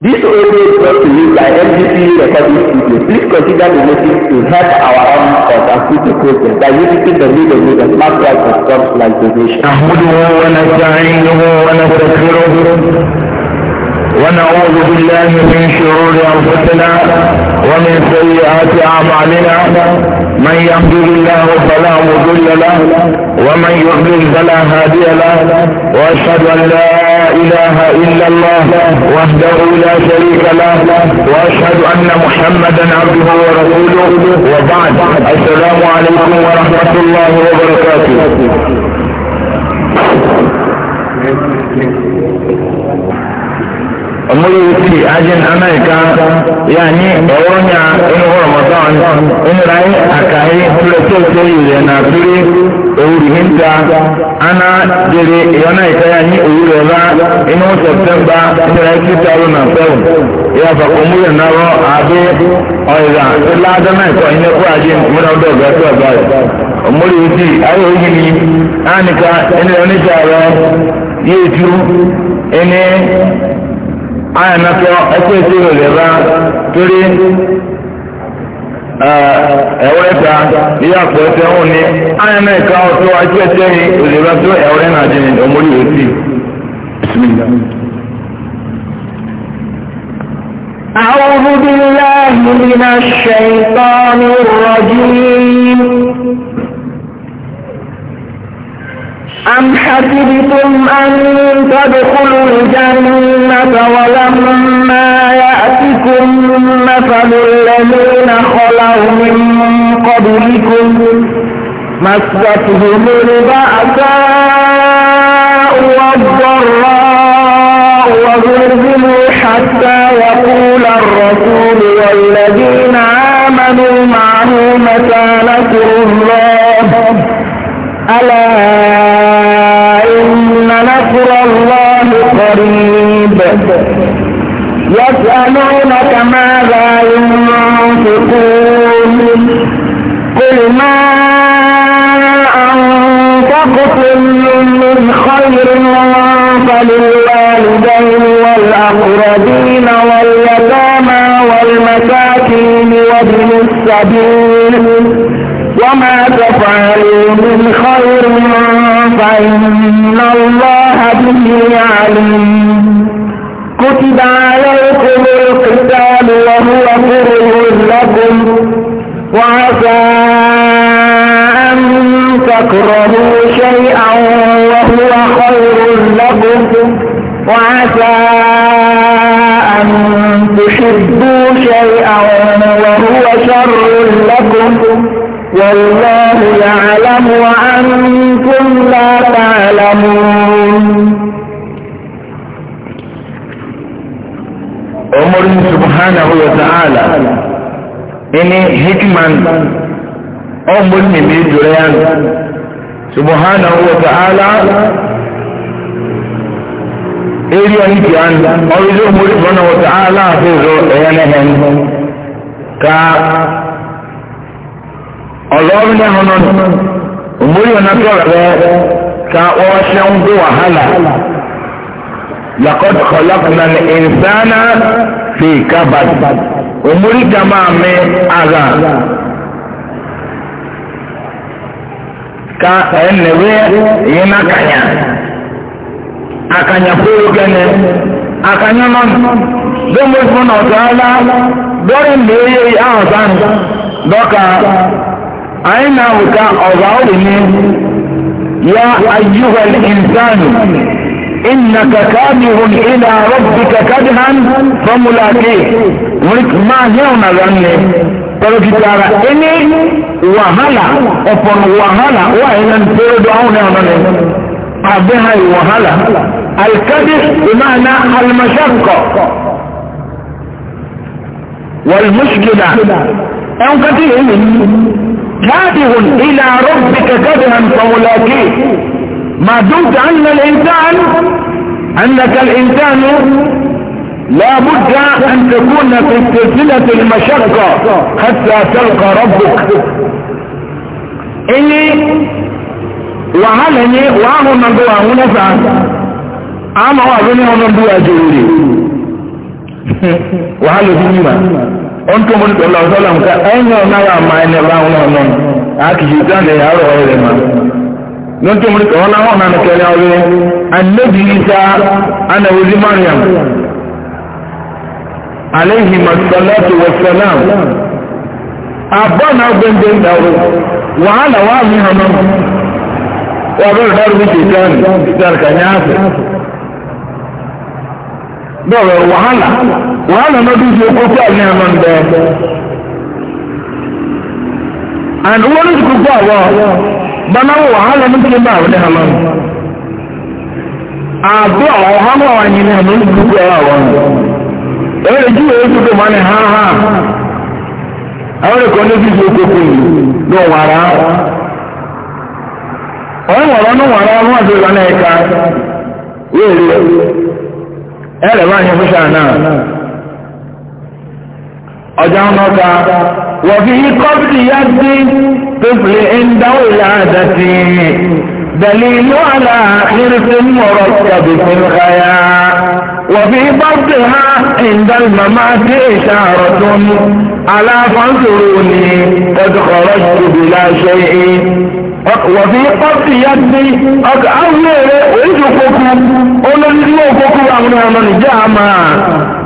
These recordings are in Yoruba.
This audio is brought to you by MDC Recording Studio. Please consider donating to help our own cause and future programs by visiting the link in the smartwatch.com slash donation. نحمده ونستعينه ونستغفره ونعوذ بالله من شرور انفسنا ومن سيئات اعمالنا من يهد الله فلا مضل له ومن يضلل فلا هادي له واشهد ان لا اله الا الله وحده لا شريك له واشهد ان محمدا عبده ورسوله وبعد السلام عليكم ورحمه الله وبركاته Thank you. ọmọlẹ wípé ajẹn amẹrika yanni ẹwọnya ẹnu rọmọdán ẹnìláyé àkàyé pẹlẹtẹsẹ ìrẹ nàbírí òwúrì níta ana dèrè ìyọnà ìta yanni òwúrì ọba ẹnu sẹpẹmbà ọrụ two thousand and seven ìyàfà ọmọlẹ náwó àbí ọ̀yà ẹlá adánà ìkọ ẹnìkọ ajẹn ọmọlẹ ọdọ ọgbà ẹsẹ ọgbà rẹ ọmọlẹ wípé ayé òyìn ni ànìkà ẹnìláyé oníjà rẹ ya ju aya natɔ ɛkò esi wòle ba torí ɛwúrɛ ta yíyá kò ɛsɛ ní aya náà ká ɔtɔ ɛkò ɛsɛ ní wòle ba tó ɛwúrɛ náà di ní ɔmórí yóò sí. أعوذ بالله من الشيطان الرجيم أم حسبتم أن تدخلوا الجنة ولما يأتكم مثل الذين خلوا من قبلكم مستهم البأساء والضراء وزلزلوا حتى يقول الرسول والذين آمنوا معه متى نصر الله ألا يسألونك ماذا ينفقون قل ما أنفقتم من خير فللوالدين والأقربين واليتامى والمساكين وابن السبيل وما تفعلوا من خير فإن الله به عليم كتب عليكم القتال وهو كره لكم وعسى أن تكرهوا شيئا وهو خير لكم وعسى أن تحبوا شيئا وهو شر لكم والله يعلم وأنتم لا ọlọ́run subhanahu wa ta'ala ẹni hikman ọ̀gbọ́n ní mi jùlọ yá nù subhanahu wa ta'ala eri ọ̀nì kìá nù ọ̀rọ̀ ilé ọmọ subhanahu wa ta'ala àfẹ́zọ ẹ̀yẹ nẹ́hẹ́ nù ká ọlọ́run ní ẹ̀họ́n nù ọmọ yóò nà tọ́ rẹ̀ ká wọ́n ṣe fi kábàdì òmórí jama mi aza ka ẹnẹwé yìí n'akanya akanya fúru kẹne akanya nọnù dóńgbò fún ọtọ ala dọrí mbéyé àwọn sáni dọka àyìn náà wùká ọba òwìní ya ayúwẹ̀lì ìnsáni. إنك كاده إلى ربك كدها فملاقيه ولك ما يوم ذنبه pero kitara ini wahala upon wahala wa ilan pero down na ne abeha wahala al kadir bimana al mashaqqa wal mushkila an kadir kadihun ila rabbika kadhan fawlaki ما دمت أن الإنسان أنك الإنسان لا بد أن تكون في سلسلة المشقة حتى تلقى ربك إني وعلني وعه من دوا هنا أما وعلني ومن دوا جهوري وعلى في دنيما أنتم من الله صلى الله عليه وسلم أين ونرى ما إن الله ونرى أكي جيتان يا أرى غير ما don to mulka wannan wannan na kai yawo annabi isa ana wuri maryam alaihi masallatu wassalam abana gbende dawo wahala wa mi hanan wa bar dar mi ke kan dar kan ya fi dawo wahala wahala na duje ko ta ne man da an wani ku ba wa banawo wahala ni bi ba wani a abu awon hama wa ni ni hama ni buku ya wa ni ẹ̀rọ ju èyí tó tó máa ha ha a. ẹ̀kọ́ ní fífi okòkò yìí ló wàrà ọ̀rọ̀ wọ̀rọ̀ ní wàrà ọ̀rọ̀ àti ìlànà ẹ̀ka yóò rí ẹ̀rẹ̀ bá ta وفي قبض يد طفل عند ولادته دليل على حرص مركب في الحياة وفي ضبطها عند الممات إشارة على فانظروني قد خرجت بلا شيء وفي قبض يدي قد أولي وجهكم قل لي وجهكم أغنى من جامع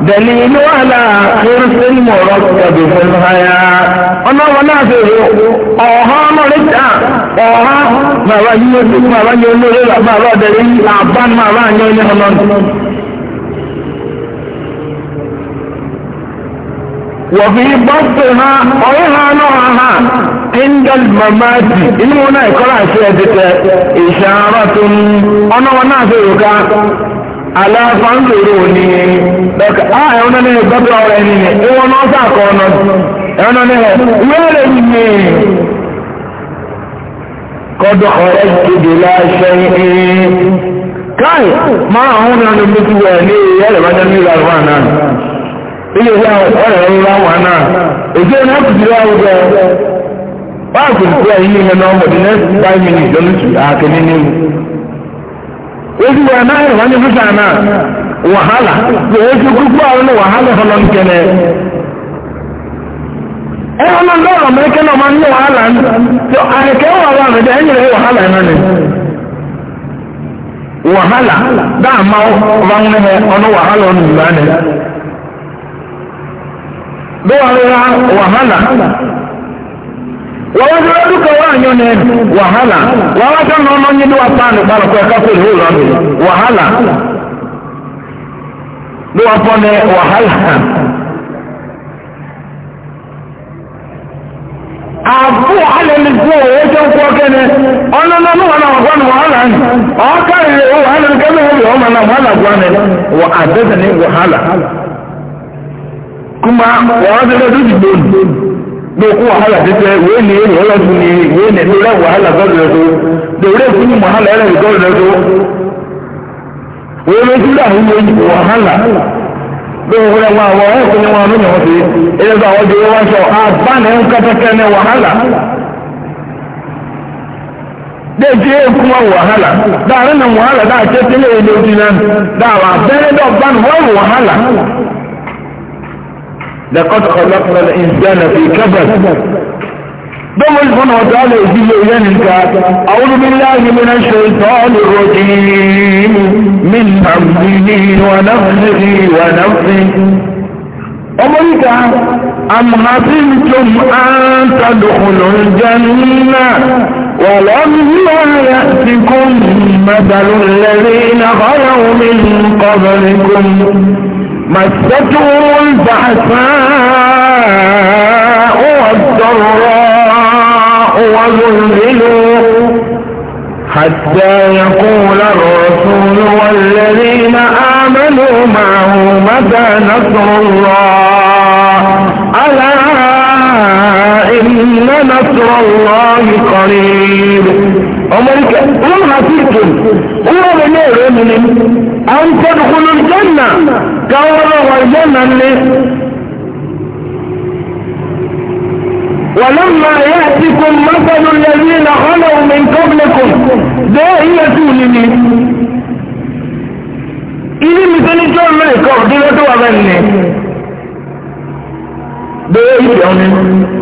دليل على حرص المرتب في الحياة انا ولا فيه اوها مرتع اوها مرانيو سيك مرانيو نوري لبارا دليل اعبان مرانيو نحنان وفي بطها اوها نوعها عند الممات انه هنا يقرأ سيادة اشارة انا ولا فيه aláfáńsòrò ni dọ́kà á ní ọ̀rọ̀ ẹni ni ìwọ náà sàkọ́ ọ̀nà ẹ̀wọ́n ní ẹ̀ wẹ́rẹ̀ ni ni kọ́dọ̀ ọ̀rẹ́ kéde láṣẹ ẹ̀ẹ́n káì máa àwọn ọ̀nà ní bíkú wẹ̀ ní ìyá rẹ̀ ní ìlà rẹ̀ ilé ìyá ọ̀rẹ́ ezi wee na ayọrọ anyị fisa na wahala wee si kuku ahụ na wahala hụrụ nkene ẹ̀rọ náà lọ́rọ̀ mẹ́kẹ́ náà máa ń ní wàhálà ní àìkẹ́ wàhálà rẹ̀ jẹ́ ẹ̀yìn rẹ̀ wàhálà náà ni wàhálà dáàmà ọba ń rẹ̀ ọ̀nà wàhálà ọ̀nà ìgbà ni bí wàhálà wàhálà wàwájúwá dúkọ̀ wà nyọ́ ní wàhálà wàwájọ́ nà ọ́nà nyé níwà pàánù kpalùkọ́ ẹ̀ka fún ìhó lọ́nà wàhálà níwà pọ́ ní wàhálà. àbú alẹ́lẹ́gbọ́ ọjọ́ nkọ́ kẹ́nẹ́ ọ̀nà nà ní wàhálà wàhálà ní wàhálà ní ọ̀ọ́ká ìrẹ̀ wàhálà ní kẹ́mẹ́ wàhálà gbọ́ ní wà ní wàhálà wàhálà dokun wahala tete wene ne wala suni wene ne wala wahala gado da so da wure suni wahala yana da gado da so wene jira hu ne wahala do wure wa wa e ko ni wa no ne ho ti e da wa de wa so a ba ne un kata ke ne wahala de je kuma wahala da ran wahala da ce tele ne do dinan da wa bere do ban لقد خلقنا الإنسان في كبد دم الفن وتعالى يجيب إلينا أعوذ بالله من الشيطان الرجيم من حمده ونفسه ونفسه أمريكا أم حسبتم أن تدخلوا الجنة ولم يأتكم مثل الذين خلوا من قبلكم مسته البعثاء والضراء وزلزلوا حتى يقول الرسول والذين آمنوا معه متى نصر الله ألا إن نصر الله قريب أمريكا أمها تلك أمها من يرمني àwọn ìfọdùkúlù jẹ́nà gáwọ́ lọ́wọ́ jẹ́nà ní. ولما يأتكم مثل الذين خلوا من قبلكم داعية لمن إذا مثل الجنة ملك أرضي وتوابني داعية لمن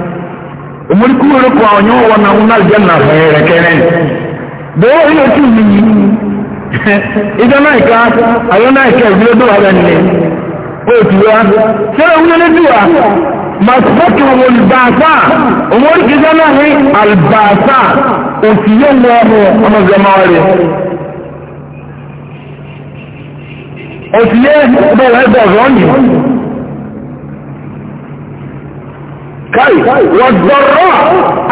omori kúrò kó àwọn yóò wọn náà wọn àlùjẹ náà fẹẹ rẹ kẹrẹ bẹẹ wọn yóò tún mi yìí ìjọ náà ìka àwọn náà ìka ìdúró dùn o ẹni òtù wa sẹlẹ wúlò ní dùn wa màsífọ́tò olùbàṣà omori kìí sẹ́nà ní àlùbàṣà òtù yóò wọ ọmọ ọmọdé ọmọ rẹ òtù yẹ bọ̀wọ̀ ẹ̀ bọ̀ rọ́ọ̀nì. káì wọ́n dọ̀rọ̀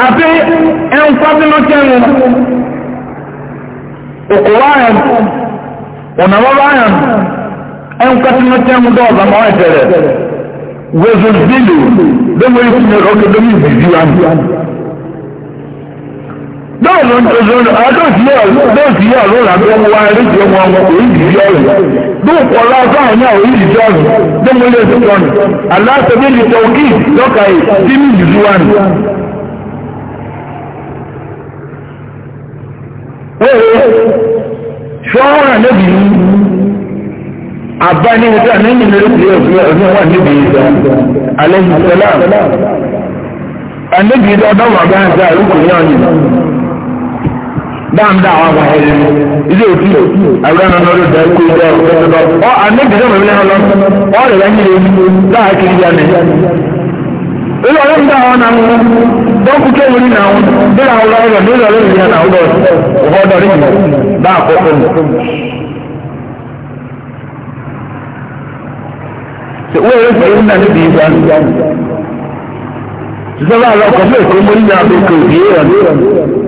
àti ẹnfàbínọ́kẹ́nu òkúwáyàn ọ̀nàmọ́báyàn ẹnfàbínọ́kẹ́nu dọ́ọ̀dà mọ́ ẹ̀tẹ̀rẹ̀ wẹ́zọ̀zílù lọ́wọ́ ìfúnnẹ̀ ọkọ̀ lórí ìbìjú àmì báwo ló ń tọ́jú ọ̀nà àdóòtí yà lọ́la tó ń wá eré jẹun ọmọ oríṣiríṣi ọ̀rọ̀ bóun kọ́ lọ́sọ̀ àwọn yà oríṣiríṣi ọ̀rọ̀ tó mú ilé ìsìnkú ọ̀nà aláṣẹ́bí ni tọ́kì lọ́ka yìí tí sí yìí ìta wà níbi ọ̀dọ́ wà gáàsì àrùkù dáadáa àwọn àwọn ẹ̀yẹ ilé òfin àwọn ẹ̀rọ náà lọ́dọ̀ ẹ̀kọ́ ìjọ ọ̀rọ̀ ọ̀ àmẹ́bìrì ọ̀rọ̀ ilé ọ̀lọ́ ọ̀rọ̀ ẹ̀yẹ ní ewu láàkiri yá mi. ilé ọ̀rọ̀ ńlá àwọn náà wọn dọ́kú kéwù ní náà wọn bí àwọn ọlọ́rọ̀ ní ìlọrin ìyá náà ọ̀dọ̀ ọ̀dọ̀ rí mi bá àkọ́kọ́ mi. wọ́n yóò fẹ́ yín náà níbi ìgbà sísẹ́ bá àlọ́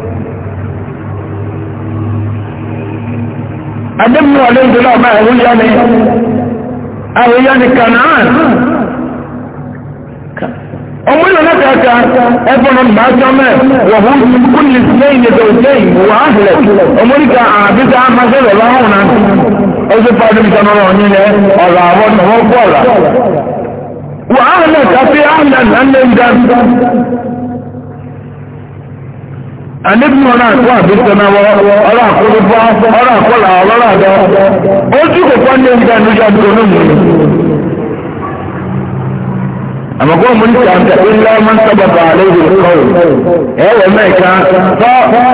adébù wọlé ìdílé ọmọ àwòyá ni àwòyá ni kanaan ọmọ ìlú náà kàkà ẹgbọn náà bá jọ mẹ wọhún kúlì lẹyìn ètò ìjẹyìn wọ áhìlẹ ọmọ ìka àbíta amáṣẹ lọlá ọhún àníbùn ọ̀nà àkọ́ àbísọ́náwọ́ ọ̀rọ̀ àkọ́lùbọ́ ọ̀rọ̀ àkọ́là ọ̀rọ̀ àdọ́ ó tí kò pọ́ ní ìgbà ìlújà tó lónìí àmọ́kọ́ mú ní sàǹtà ilé ọmọ sábàbà àlejò kọ́ọ̀ ẹ̀wọ̀ mẹ́ẹ̀ká tọ́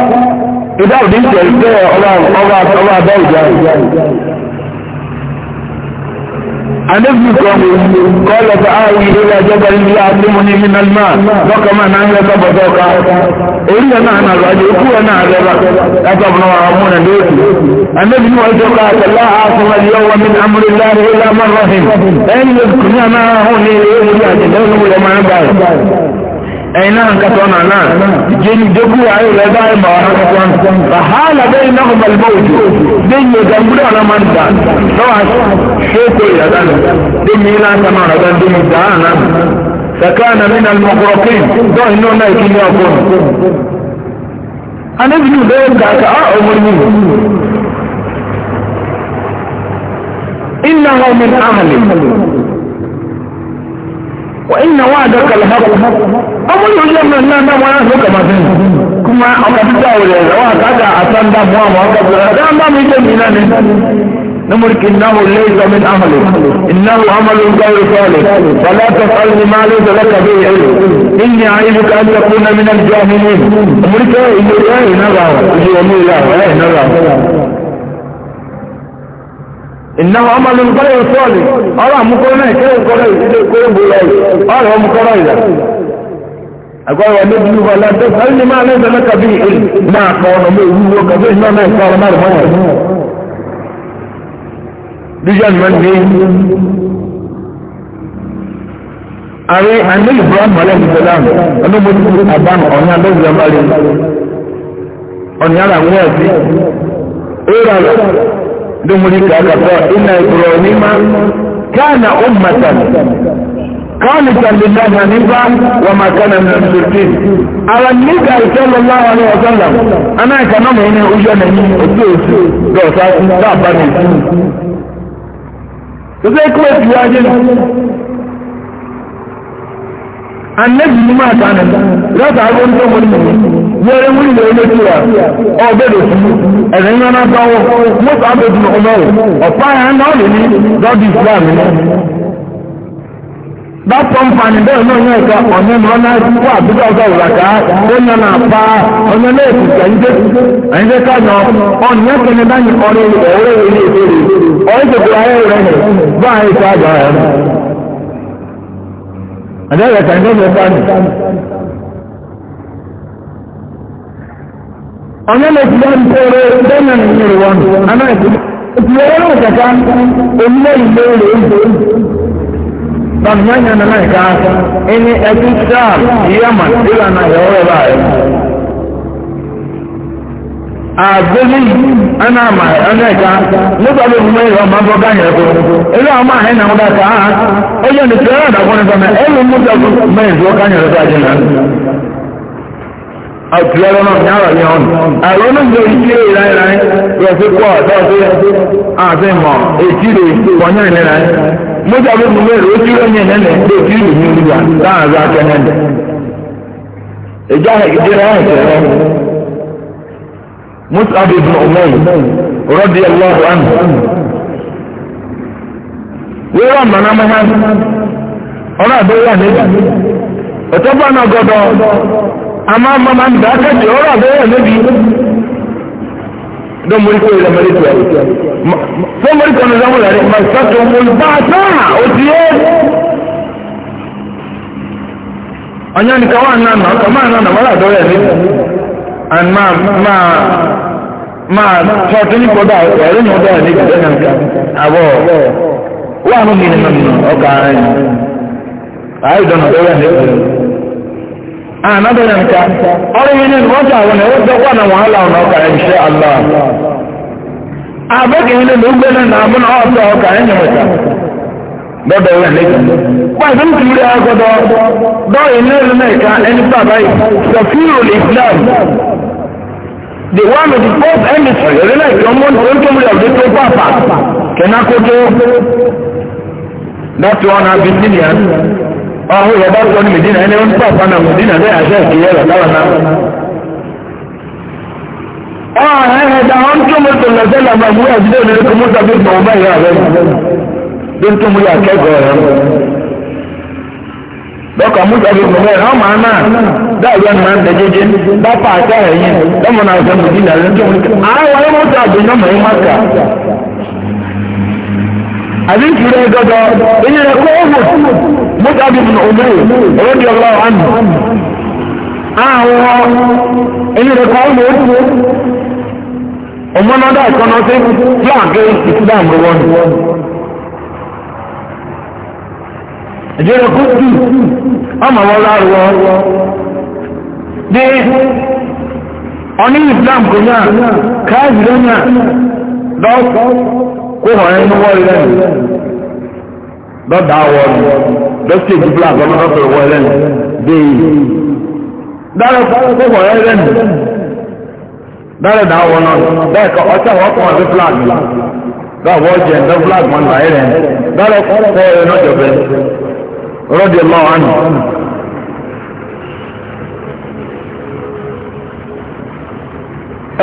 ìdáwòdì ìṣẹ̀lẹ̀ ọlọ́ àbẹ́ ìjà عن ابنكم قال تعالوا إلى جبل يعلمني من الماء وكما نعلك بذوقا إلا نحن الرجل كونا عذبك أتبنا وعمونا ديكي عن ابن وإتقاك لا عاصم اليوم من أمر الله إلا من رحم أن يذكرنا هوني إيه يجعل لهم لما نبعي أين انقطعنا ناس جن جبوا عليه الأداء ما وحقتهم فحال بينهم الموت دين يجمعون على من دان سواء شوكوا إلى دان دين إلى سمان دان دين دان فكان من المغرقين ده إنه نايكين يكون أنا بني دين ذاك أمرني إنه من أهلي وإن وعدك الحق أمر يجب أن لا نعم ولا نسوك ما فيه كما أمر تتاول وعدك أسان دام وعم وعدك أسان دام يجب إلاني نمرك إنه ليس من أهله إنه عمل غير صالح فلا تفعل ما ليس لك به علم إني أعينك أن تكون من الجاهلين أمرك إنه لا ينرى يجب أن لا ينرى ìnáwó ọmọlú gbọ́dọ̀ sọ́ọ̀lì ọ̀rọ̀ àmúkọ́ náà kéré kọ́rọ̀ ìdílé kóró bu lọ́yì ọ̀rọ̀ ọmọkọ́rọ̀ ìlà. àgọ́rọ̀ ọdún bíi wà ládé sáré ní máa lẹ́sẹ̀ mẹ́ta bíi èlì máa kọ́ ọ̀nà mọ́ èwú wọ́ kàfé iná náà kọ́ ọ̀rọ̀ márùn mọ́wọ́. bíjọ́ ni wọ́n ní. ààrẹ àní ibrahim alẹ́sìsẹ́lám ọlọ́mọdún àbánu ọ̀nyá lọ́sẹ̀ dumuni kaga ko inna ibrahima kana ummatan qanitan lillahi hanifa wa ma kana min al-mushrikin ala nika sallallahu alaihi wasallam ana kana mo ina ujo na ni ojo ojo do sa ni to se ko ti wa annabi ni máa ta nìkan lọ́sà àwọn ohun tó mọ̀ ní ìlú wẹ́rẹ́ wọ́n ilẹ̀ ilé tí wà ọ̀bẹ̀dẹ̀ sí ẹ̀rẹ̀ ń rán báwọ̀ mọ́tò àbẹ̀dùn ọmọrùn ọ̀pá ẹ̀rán náà lè ní lọ́dí islam nwere bákan fani bẹ́ẹ̀ náà yẹn ẹ̀ka ọ̀nà náà náà wà àdúgbò ọ̀gá òwúrọ̀ká ó yàn náà pa ọ̀nà náà èkó àdáyà kan ní ọmọ báyìí ọ̀nà lè ti dáhùn pẹ̀lú dẹ́nà ìyẹn wọn àná ìpínlẹ̀ ìpínlẹ̀ ọ̀rọ̀ ìjàkà onílẹ̀ ìlú rẹ̀ ń bọ̀ bàbá yẹn nana ìka ẹni ẹbí sáà yíyá màdìrà náà yọ̀ ọ̀rọ̀ báyìí. a ẹnà àmà ama ẹ̀ka nígbà tó fún ẹ̀rọ ọmọ abọ́ káyẹ̀ ẹ̀kọ́ ẹ̀rọ àmà ẹ̀nà ọ̀dà ká ịlụ mmụta bụ ẹ̀rọ àdàkùn ẹ̀fọ́ mẹ́ ẹ̀rọ múta fún mẹ́ẹ̀dọ́ káyẹ̀ ẹ̀fọ́ مصعب بن عمير رضي الله عنه wíwá mọ̀nà mọ́hán ọ̀rọ̀ àbẹ̀wò àlejò ọ̀tọ́gbà náà gọ́dọ̀ àmọ́ mọ́mọ́ nígbà kẹ́jì ọ̀rọ̀ àbẹ̀wò àlejò don mori ko ila mari tuwa so mori ko na zamu lare ma sato mul ba ta o tiye anya ni kawana na kamana na wala dole ne and máa máa máa tọ́ tó ní kọ́dà ẹ̀rí ni ó dára níbi lẹ́nà nǹkan àbọ̀ wà ló mi nínú ọkà ara yìí àyè dọ̀nà lọ́wọ́ ẹ̀ lẹ́kọ̀ọ́ another nǹkan ọ̀rọ̀ yìí ni wọ́n tà wọn ẹ̀wọ́n tẹ́kọ̀ náà wọ́n á là ọ̀nà ọkà ẹ̀ ṣe àlọ́ àbẹ́kẹ̀ yìí ló gbé náà àbúnà ọ̀tọ̀ ọkà ẹ̀ nyẹ̀mẹ̀ta lọ́dọ̀ rẹ̀ lẹ́yìn. Pàṣẹ ń tìrẹ agbọ́dọ̀ dọ́ọ̀yìn yìí, Sọ̀fíìrò Islam, the one of the fourth hemisphere orílẹ̀ èdè ọmọ oníkèmúlẹ̀ ọ̀dẹ́ tó pàpà kẹ́nàkótó dátú ọ̀nà abisinia ọ̀hún yẹ bá sọ ní medina ẹni wọn pàpà náà medina bẹ́ẹ̀ àṣẹ ìkìyẹ rẹ̀ lára náà. ọ̀hún ẹ̀hẹ̀ dá wọn tó mú tó lọ́sẹ̀ làbàbí àti dé ìlú kọ́mọ́tà bí gbọ̀ngbà yẹ àbẹ́ni bí tó mú yà kẹ́kọ̀ọ́ rẹ̀ dọ́kà múta bí gbogbo ẹ̀ ọmọ àná dáàbíà ní máa ń tẹ́jẹ́jẹ́ dápà àti ẹ̀yìn lọ́mọ náà sọ mùdí nà lẹ́jọ́ wọn kẹ́ àwọn ẹ̀rọ múta àbí nọ́mọ yín má kà. àbí ìfúrẹ́ dọ́dọ̀ èyí rẹ̀ kó wò múta bí mu òmù òwò di ọlọ́ àná. àwọn èyí rẹ̀ kó wò òmùnádà ìkànnọ́sí fúlàǹkì ìsìlámù wọn ìjọba kó tù ọmọ wọn lárúwọ dé ọní islam kò náà káàdì ló náà lọ́ọ̀kọ́ kó hàn ẹnu wọ́ọ̀lù lẹ́nu lọ́dà wọ́ọ̀lù lọ́sí èjì black ọmọ lọ́sọ̀rọ̀ wọ́ọ̀lù lẹ́nu dé yìí dára kó hàn ẹnu lẹ́nu dára dà wọ́ọ̀ náà bẹ́ẹ̀ kọ́ ọtí àwọn ọkùnrin àti flag lọ́wọ́ jẹ́ ẹ̀ńdọ́ flag mọ́ni báyìí rẹ̀ dára kó hàn ẹnu lọ́jọ́ bẹ́ẹ̀. رضي الله عنه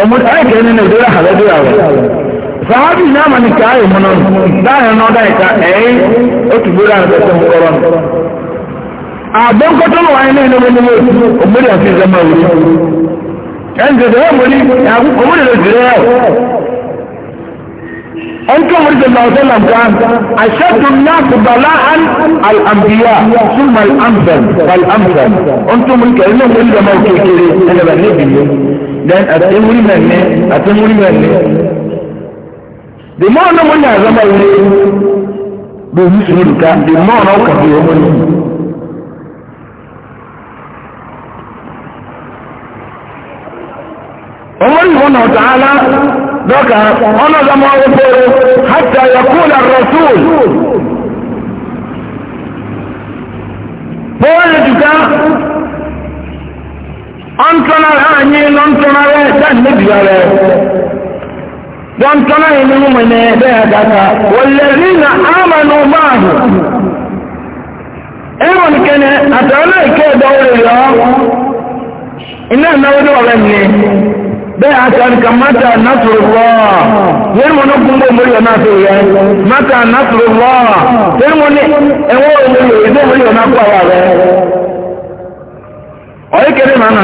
ọmọdé ayẹkẹ ní nàìjíríà àlẹbí àwẹ sàhábì ní àmàlì ká ayọ mọ náà dáhùn náà dáhùn ká ẹyìn otu gbóra àti ẹsẹ nkọrọ nù. àbọ̀nkọ́tọ́ wà ní ẹni ọmọdé wọ́n ọmọdé àti ìzẹ́mọ̀ wòlé. ẹnjẹ̀ tó wọ́n ọmọdé lè jìrẹ́ ẹ̀. أنت مرد الله صلى الله عليه وسلم أشد الناس بلاء الأنبياء ثم الأمثل والأمثل أنتم مرد كلمة إلا موت كيري أنا بنبي لأن أتمري مني أتمري مني دماء نمنا زما إليه بمسلم كا دماء نوكا في يومني عمر هنا تعالى ذاك أنا لم أقول حتى يقول الرسول فوالدك أنتنا الآني يعني لأنتنا لأسان يعني نبجره وأنتنا إنهم يعني من يدهدك والذين آمنوا معه إيمان كان أتعلم كيف دوري الله إنه نودو على الناس bẹ́ẹ̀ àtàríkà mátà nàtùrùlọ́ yẹ́rù wọn kún bó mórí ọ̀nà àti mátà nàtùrùlọ́ yẹ́rù wọn ní ẹ̀wọ́ òmìnir ìdó mórí ọ̀nà àpò àwà rẹ̀ ọ̀yẹ́kẹ́rẹ́ ma na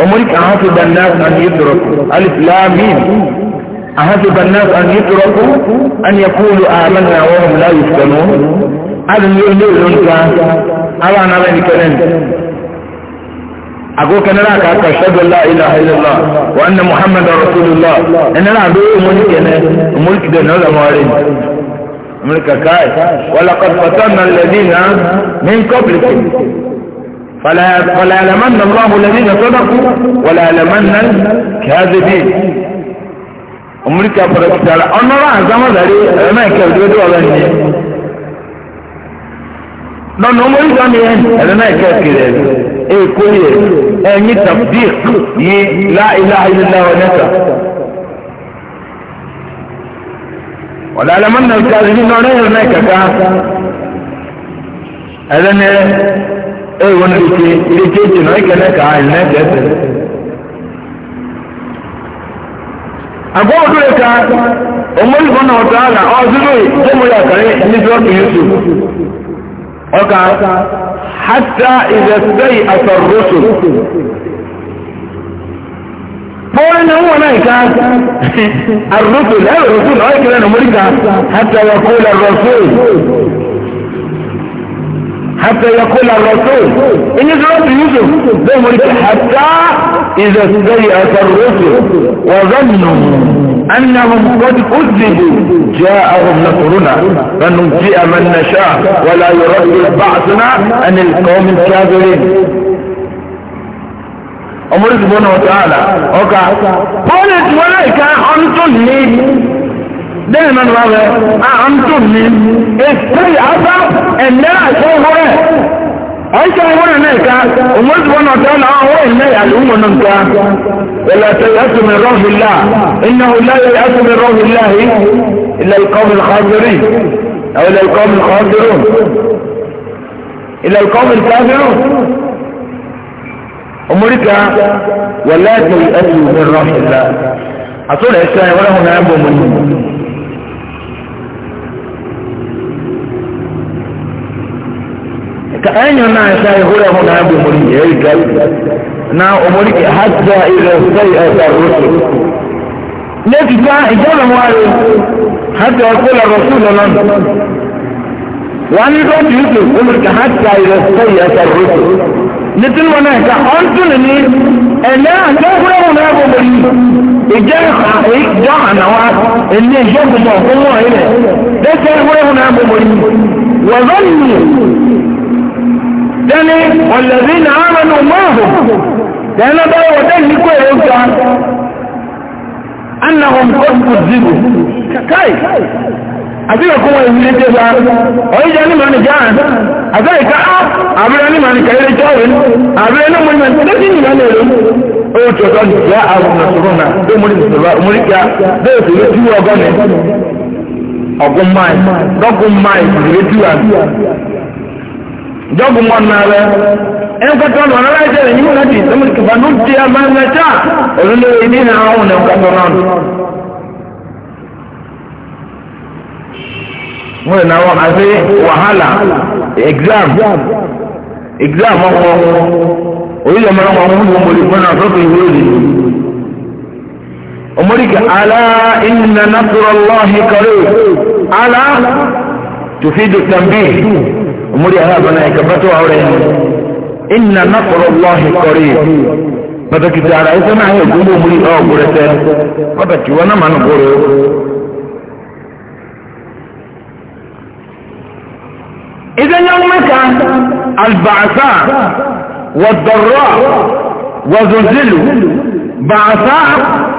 أمريك أحسب الناس أن يتركوا ألف لا مين أحسب الناس أن يتركوا أن يقولوا آمنا وهم لا يفتنون هذا يقول لك ألا أنا بين كلام أقول كان لك أشهد أن لا إله إلا الله وأن محمد رسول الله أنا لا أقول أمريك أنا أمريك ده نولا موارين أمريكا كاي ولقد فتنا الذين من قبلكم فلا فلا فليعلمن الله الذين صدقوا ولا وليعلمن الكاذبين امريكا فرقتها انا لا زما ذري ما كذب دو غني لا نمر زمي انا ما كذب اي كوي اي إيه، تصديق لا اله الا الله ولا وليعلمن الكاذبين ولا يرنك كذا هذا ewo na ike ike cheche na ikene ka anyị na-eke ese agwa odure ka omori bụ na ọtọ ala ọzụrụ ụmụ ya karị ndị dị ọkụ yesu ọka hatta izesdei asar rusul kọ́wọ́n náà wọ́n náà ká arúgbó lẹ́rọ̀ rọ̀sùn náà ìkẹrẹ́ nà mọ́ríkà hàtà wà kó lẹ́rọ̀ rọ̀sùn حتى يقول الرسول إن سورة يوسف ذلك حتى إذا استيأس الرسل وظنوا أنهم قد كذبوا جاءهم نصرنا فننجئ من نشاء ولا يرد بعثنا عن القوم الكافرين أمر سبحانه وتعالى أوكا قلت ولك أنتم bẹ́ẹ̀ mẹ́nu wa rẹ̀ à ń dùn ní èkúrì àbá ẹ̀mẹ́ àṣọ wọ́rẹ̀ ọ̀ṣọ́ wọ́rẹ̀ náà ká òmùsùnwọ́n náà tẹ́lá àwọn ẹ̀mẹ́ àlùmọ̀ náà ká ìlàtẹ̀ yàtùmí rọ́hùlá iná ìlàyẹ̀ yàtùmí rọ́hùlá yìí ilẹ̀ ìkọ́mù ìkọ́dúrì àwọn ilẹ̀ ìkọ́mù ìkọ́dúrù ilẹ̀ ìkọ́mù ìkọ́dúrù òmùríkà wọ̀lá كأين ما سيغره ناب مريه الجل ناب مريه حتى إذا استيأت الرسل لكي تاعي جل مواري حتى يقول الرسول لن وأني قلت يسل أمرك حتى إذا استيأت الرسل لكن ما نهتا أنتن اللي إلا تغره ناب مريه إجاي خائق جاء نواك اللي جبت الله إليه ده سيغره ناب مريه وظنوا dani wàlẹ́bí na àmàlù mọ́ọ̀hù dẹ́nà bá wọ́n dẹ́n ní kó èrò ga annahun kọ́kù zìbò kakai àti ìyàkó wọn èyí lè débà ọ̀yíjà a màní jáà ka a á àbúrẹ́ ní màní kẹ́lẹ́ jọ́wìn àbúrẹ́ ní mọ́ni màní lẹ́sí ní màní èrò ó tó tọ́ ní ìyá àwọn nàṣọ́rọ̀ mmiri tó mórí mmiri mórí jọ́bù mọ́ náà rẹ̀ ẹnkọ́tọ́ ọ̀nà aláìsẹ̀ rẹ̀ ní mọ́láti ìsẹ́mọ̀lì kẹfà ló ti a máa ń lẹ́tà olólùwẹ̀ ilé ní àwọn ọ̀nà ọ̀kadọ̀ náà nù. wọ́n lè náwó àti wàhálà exam exam ọkọ̀ orílẹ̀ mọ́ra wọn mú wọn mọ̀lẹ́ fún àtọ́kọ̀ ìwé òde. ọmọdéka alá ìnana nàkúrọ̀ lọ́hìn kọ́rẹ́ alá tòfin dòtàmbé. مولي هذا انا كفتو ان نصر الله قريب بدك تعالى اذا ما هي قوم مولي او بدك وانا ما نقول اذا يومك البعثاء والضراء وزلزلوا بعثاء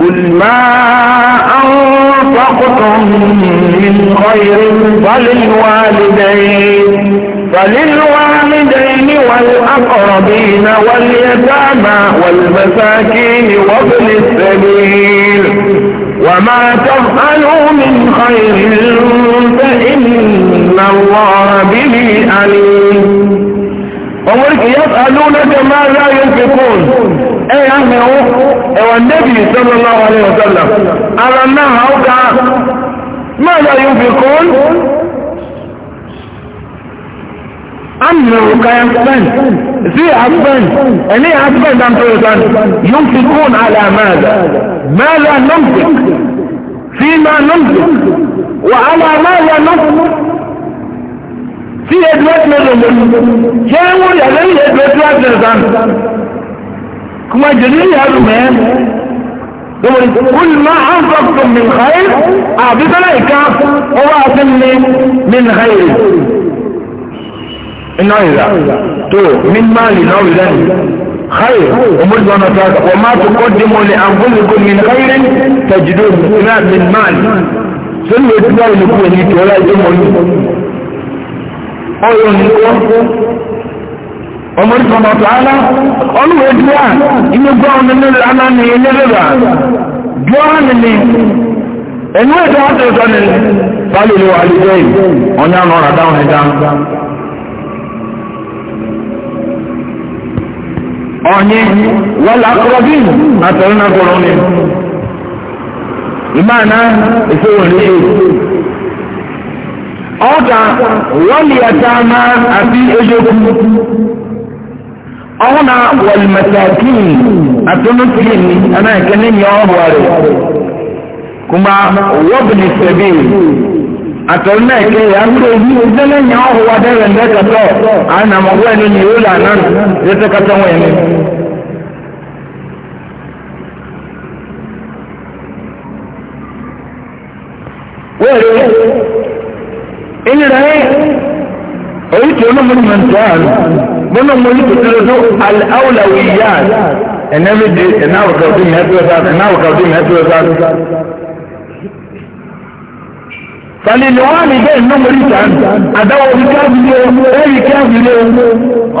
قل ما أنفقتم من خير فللوالدين فللوالدين والأقربين واليتامى والمساكين وابن السبيل وما تفعلوا من خير فإن الله به عليم ومرك يسألونك ماذا ينفقون اي اهمه إيه او النبي صلى الله عليه وسلم على انها ما ماذا ينفقون أمره كيسبن زي اسبان أني عبن دام تولدان ينفقون على ماذا ماذا ننفق فيما ننفق وعلى ماذا ننفق tí advert mẹ́rin lórí ṣe ń wúrí àlẹ́yìn advert mẹ́rin sánú kuma jẹ́lẹ́yìn àrùn mẹ́ lórí kúlù máa ń fọ́kùn min hayi àbí sọ́nà ìka ọwọ́ àti ní min hayi iná ìlà tó min máa lè náà ìlà ni hayi omúlù ọ̀nà tó wọ́n máa tó kọ́ dé mọ́lẹ̀ àǹkóńlùkún min hayi tẹ̀jìdó ìlà min máa lè sọ́nà ìtura ìlú kúrò ní tòọ́lá ìdí mọ́lẹ̀ ọyọ nìkan ọmọdé sọmọ tó ala ọlọwọ ẹdí a inú gbọ́ ọmọ nínú lana ní eléré rà gbọ́ nínú ẹnu ẹ̀dá wọn tó sọ nínú báyìí ló wà lóde yìí ọ̀nyá nà ọ̀rọ̀ àdáwọn ẹ̀dá. ọ̀nyẹ wọlé akọrọbí àtẹ̀rẹ́ náà kọ̀ọ̀rọ̀ ni ìmáàná ìfowópamọ́ Ọ ga-lọlị ọka waliyatama àti ejoku na walmatakin atonutin ana ekene ọhụarị kuma na sebi atọrọ náà ya ń lè yí ọhụwa dẹrẹ ndị kẹtọ àná mọgbọ ẹni ní ìlú àná yẹtẹ kẹtọ wọn ẹni. ni rẹ̀ èyí tí ọlọ́mọ ní mọ̀ntàn mọ́nà mọ́ ní tòtúrò tó aláwòláwìyá ẹ̀nẹ́mí di ẹ̀náwòkà ọdún mẹ́tìrẹ́sà ẹ̀náwòkà ọdún mẹ́tìrẹ́sà. Fàlìlì wọn ni bẹ́ẹ̀ ní mọ̀rí tàn àdáwọ̀ orí káàbìlì ẹ̀rí káàbìlì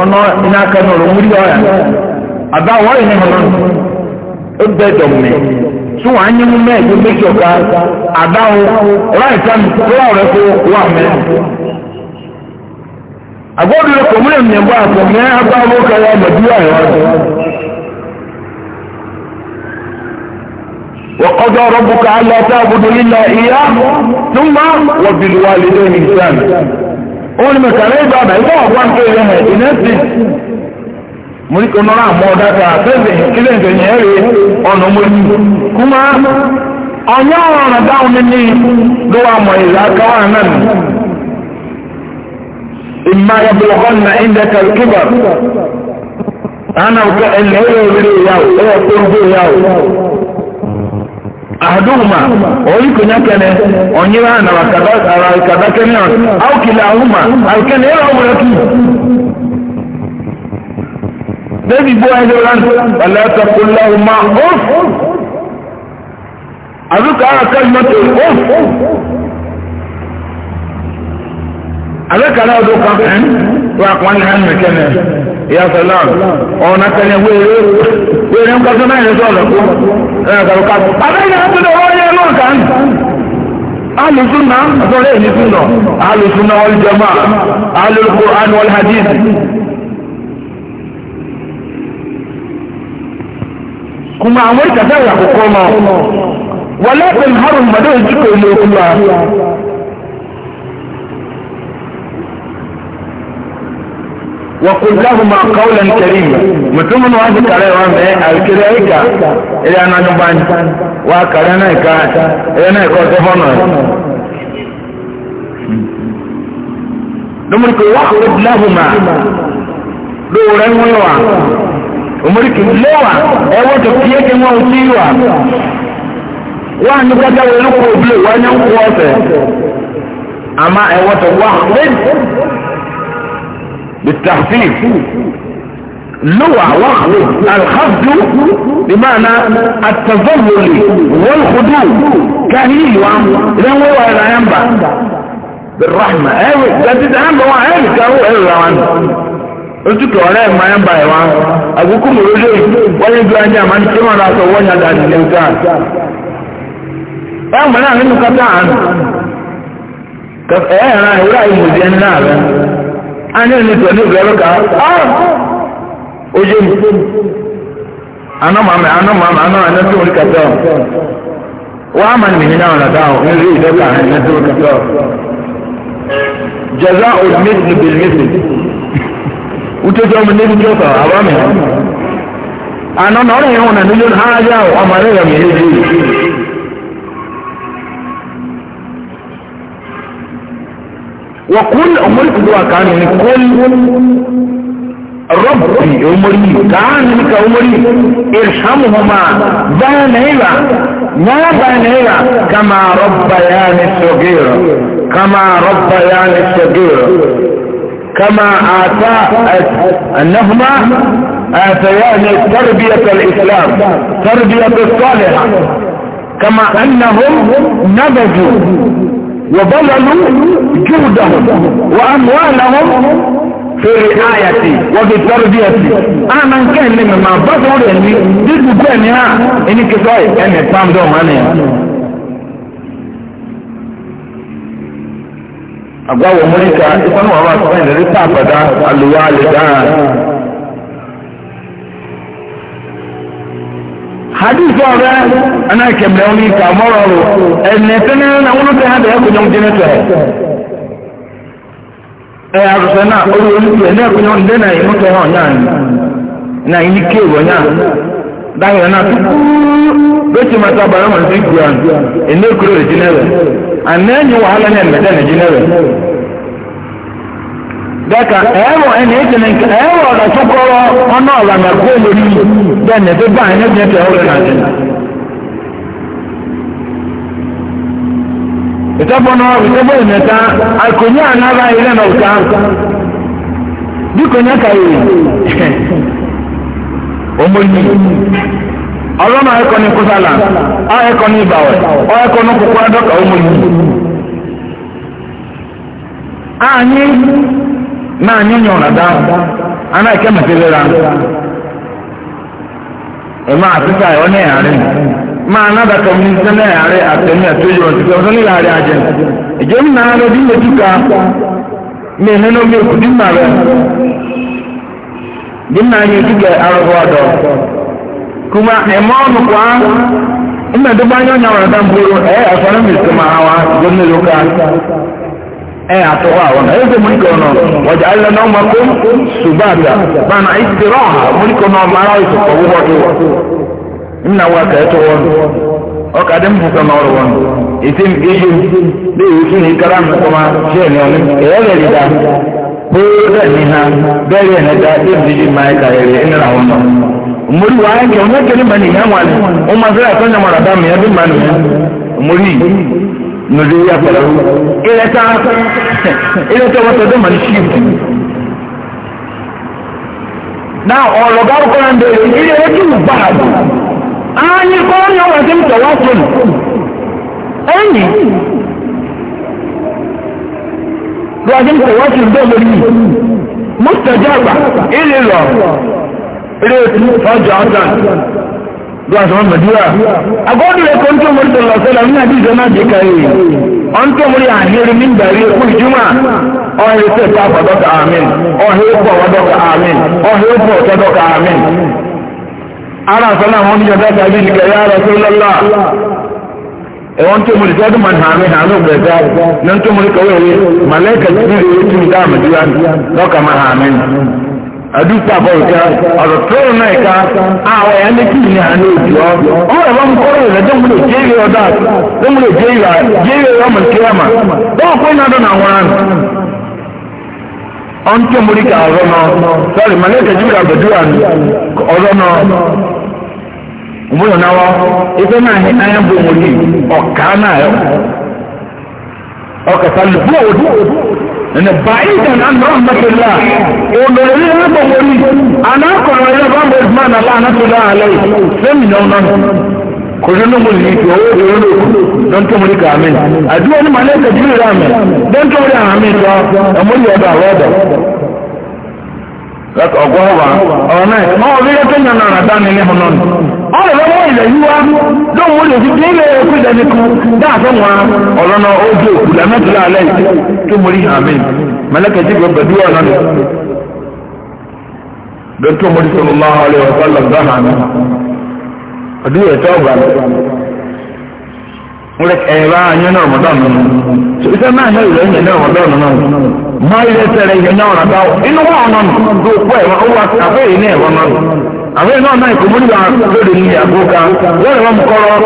ọ̀nà iná kanọ̀rọ̀ múrí ọ̀yà àdáwọ̀ ọ̀yìn ní mọ̀nà ó bẹ́ẹ̀ dọ̀mù tí wọ́n á nyé mu mẹ́ẹ̀ ní méjì ọ̀ka àdáwọ̀ láìpẹ́ وقضى ربك تعبدوا ثم وبالوالدين ما كان يبقى كان muri nora mo da ka kile nze nyere ono muri kuma onye ọrụ da omini lụwa mọ ịla aka imma ya bulghon na inda ana ka ele ya wuri ya o ya ahaduhuma oyi kunya kene na débi bó ẹni rán ọ̀lẹ́ ẹ̀tọ́kùn lọ́wọ́ máa ó àdúkà ara kẹ́lìmọ́tò ó àdúkàrà ọdún kan ẹ̀ wà pọ́n ní hàn mẹ́kẹ́nẹ̀ ìyá sọlá ọ̀nà kẹ́lẹ̀ wéèrè wéèrè ń kọ́sọ́ náà lọ́sọ̀ ọ̀lọ́kú ẹ̀rọ kàlù kàlù àbẹ́yẹ àtúndọ̀ wọ́n yẹ lọ́ọ̀ náà àtọ́rẹ́ ìnísùn náà alùsùn náà wọ́n kuma amurka zai ya koma wala ɗin harin ba zai ji kai lokuta wa kullahuma qawlan karima mutumin wa shi karewa mai alkira ika ila na nuban wa kare na ika ila na ika ta domin ko wa kullahuma doren wewa umuriki lewa ẹwọ tó fi ẹkẹ wọn wa wọn ní kọjá wọn lóko òbílẹ wọn ní nkú ọsẹ àmà ẹwọ tó wà hàn بالتخفيف لوع وخو الخفض بمعنى التذلل والخضوع كهيل وعم إذا هو لا ينبع بالرحمة أيوة لا تتعامل هو عارف كهو إلا otu ka ọrẹ ẹ̀ máa ń bá ẹ̀ wá àgùkù mòróró wọ́n yé gbéra ní àmà ní tí wọ́n rà sọ wọ́n yàgà ní ẹ̀ka. ẹ̀ mọ̀ náà nínú kátà àánú ẹ̀ ẹ̀ràn ìwúrà ya mòdì ẹni náà rẹ̀ á ní ẹni tẹ̀lé ìbẹ̀rù ká ó yé mi. àná màmá àná màmá àná àná tó na kàtọ́ wọ́n á máa nìyí náà nàdá ọ̀ ní rí ìdọ́kà àná utoto omunene kyoka abame ano nore yona niyo haja amare ya myeji وقل أمرك دعا كان قل ربي أمري كان لك أمري ارحمهما بانيلا ما بانيلا كما ربياني الصغير كما ربياني الصغير كما آتا أنهما آتيان تربية الإسلام تربية الصالحة كما أنهم نبذوا وبذلوا جهدهم وأموالهم في رعاية وفي تربية أنا من كان لما بطول يعني، يعني، أني ضد كان يا إني كفاية أنا تام دوم أنا يعني. agbawo murika isa nwa ma sọfẹ ndẹ rita abada aluwa hadith ọrẹ ẹna kẹmẹ wọn ika mọrọ ro ẹnẹ na wọn tẹ ha bẹ ẹkọ nyọm jẹnẹ tẹ ẹ na ẹkọ nyọm na tẹ ha ọnyá na kéwù ọnyá dáhùn tó kúú tí ma ta wọn ti anenyi wahala ne mmeda na gyina wɛ daka ɛwɔ ɛna egyina nka ɛwɔ ɔdasokɔrɔ ɔno ɔlama kɔɔmo ni dɛ ne de ba ɛna gyina tɛ ɔwɔ na gyina ìtẹ́bọ̀ náà ìtẹ́bọ̀ ìmẹ̀ta àkònyà anára ilẹ̀ náà ọ̀tá bí kònyà kàwé ọmọ yìí. ọlọ́nà ẹ̀kọ́ ní kúsàlà ẹ̀kọ́ ní ìbàwẹ̀ ẹ̀kọ́ ní kúkú ẹ̀dọ́kà ọmọ yìí. Anyị na anyị nyọrọ ada anaghị kemesịrị ra ịma asịsa ya onye yari ma anada ka ndị na yari atemi atoyi ọtụtụ ajị na ara dị n'etu na-eme dị kuma emonu e, e, kwa ina duk bayan yanya wani dan buru eh a sanar mai kuma hawa gwamnan loka eh a tuwa wani eh zai mulki wani waje allah na umarku su ba ta ba na istiraha mulki wani mara su kwabu wato ina wa ka yato wani o ka dem fuka ma wani wani itin iyu da yi su ne kara mu kuma shi ne wani ya yi rida ko da ni ha bere na da ibi ma ya kare ina na wani umuri wange unekele mani yamwale umazira akonya maradamu yabi mani umuri nuri yakora ile ta ile ta wato mani shift na ọ̀rọ̀ bá kọ́ ń bèèrè ilé ojú bá àdù ààyè kọ́ ń yọ wọ́n tí ń tọ̀wọ́ sọ̀rọ̀ ẹ̀yìn lọ́wọ́ tí ń tọ̀wọ́ sọ̀rọ̀ bẹ́ẹ̀ lórí mọ́tàjáàgbà ilé lọ rate one thousand bí a sọ wọn mọ̀dúrà agbọ́dúnrẹ́ kò ń tó mọ́rí tó lọ sọ́dọ̀ ní àbí ìjọ náà dé káyé ọ̀n tó mọ́rí àhírí ní ìgbàrí ẹ̀kú ìjúmọ̀ ọ̀hìn tó ẹ̀ka àbọ̀dọ́kà àmín ọ̀hìn pọ̀ ọ̀dọ́kà àmín ọ̀hìn pọ̀ ọ̀tọ́dọ́kà àmín. ara sọ́nà àwọn oníjọ dáta bí nìkẹ́ yá ara tó lọ́lá ẹ̀wọ̀n tó adúgbò àbọ̀rùkẹ́ ọ̀rọ̀ tó rùn náà ká àwọn ẹ̀yà létí ní àná òjò ọ́ wọ́n rẹ̀ na ń kọ́rọ̀ rẹ̀ tó ń múlò na ìrẹ́ ọ̀dà tó ń múlò jẹ́ ìrẹ́ jẹ́ ìrẹ́ ọmọ kílámà wọ́n kọ́ iná dọ̀nà àwọn àná. ọ̀n tó múlí ká ọ̀rọ̀ na sọ́ọ̀rì màlẹ́kẹ̀ jù na náà náà ọkàtàlùkù òdú ẹnẹ bàyìkan anamọtìlá olórí ẹgbẹwòrí anákọrọ ẹlẹbàmọ ìfúnmáà nàlá anátìlá àlẹ fẹmìnà ọ̀nà kòtò ní mo lè tó owó ìwé lòkù dọ́ntò mo ní ká mi àdúrà ní màlẹ́ ìtẹ̀jú rẹ̀ àmì dọ́ntò rẹ̀ àmì tó ẹ̀mú yẹ ọ̀dọ̀ àwọn ọ̀dọ̀ ọgbọ́n wa ọ̀nà ẹ̀ ọ̀ ọ̀rọ̀ lọ́wọ́ ilẹ̀ yìí wá lóhun olè fi délé ẹkú ìdẹ́ni kan dáàfẹ́ wọn ọ̀lọ́nà ojú òkú lẹ́mẹ́tìlá alẹ́ tó mórí àmì mẹlẹ́kẹ̀ tí gbọ́dọ̀ dúró ọ̀nà ni. dókítà mórí sọ̀rọ̀ máa wọlé ọ̀sán lọ́gbà hàmì ọdún yẹn tó ọ̀gbà ẹ̀rọ anyẹ́ náà ọ̀mọ̀dọ́ mi ṣùgbọ́n náà yẹ ìrẹ́ yẹn náà ọ̀mọ̀dọ́ mi náà máa yẹ tẹ̀lé yẹn náà ọ̀nà táwọn inú wọn ọ̀nà nù dókòó ẹ̀rọ ó wà àbẹ́yẹ ní ẹ̀rọ náà àwọn iná náà kò múlùbà lóde ní àgbóka lórí wọn kọrọ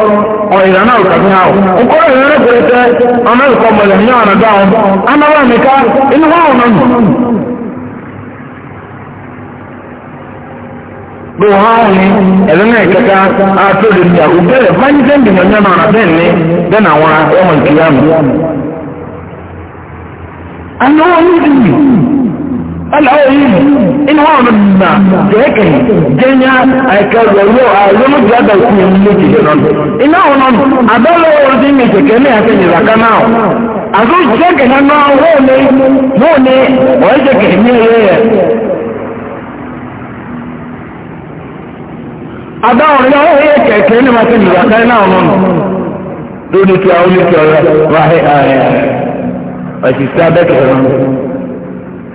ọ̀yìnà náà kàfin hàn nkọrọ ìrìn rẹ pẹlẹtẹ ọmọ ìkọ mọlẹ ní ọ̀nà dáhùn anáwó àmìká inú wọn ọ̀nà nù. bí wọn hàn ní ẹ̀rọ náà kẹta àtòlè ní àgbóka rẹ fáyín sẹ́ńdì ní ọjọ́ náà bẹ́ẹ̀ ni bẹ́ẹ̀ náà wọn ẹ̀wọ̀n kìlámù. àná wọn ní ìlú العين إن هو مما ذكر جنيا أكاد ولو أعلم جدا في المجرم إن هو نم أبلو أردين يتكلم هكذا إذا كان أقول شكرا ما هو لي هو لي ويجكر من adáwọn ilé ọwọ́ yẹ kẹ̀kẹ́ ní máa tẹ́lẹ̀ ìyàká iná ọmọ nù lórí tí a ó lè kí ọ̀rẹ́ wáhẹ́ ààrẹ ọ̀sìsẹ́ abẹ́kẹ̀ẹ́ rẹ̀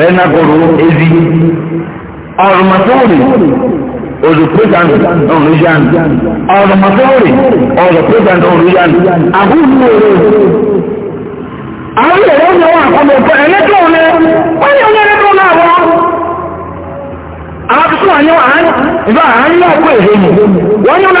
ẹnagoro ezi ọrùmọ̀tòrì ọ̀rọ̀ pẹ́sàndì ọ̀rùyàn ọrùmọ̀tòrì ọ̀rọ̀ pẹ́sàndì ọ̀rùyàn àbúrò rẹ̀ àwọn ìrọ̀ ọ̀nà wà kọ́mọ̀ pẹ́ ẹlẹ́tọ̀ ọ̀nà wọ́n yóò lẹ́rẹ́ tó náà wọ́n àwọn tuntun àyẹ̀wò àárín ìbá àárín náà pé èyí wọ́n yóò lọ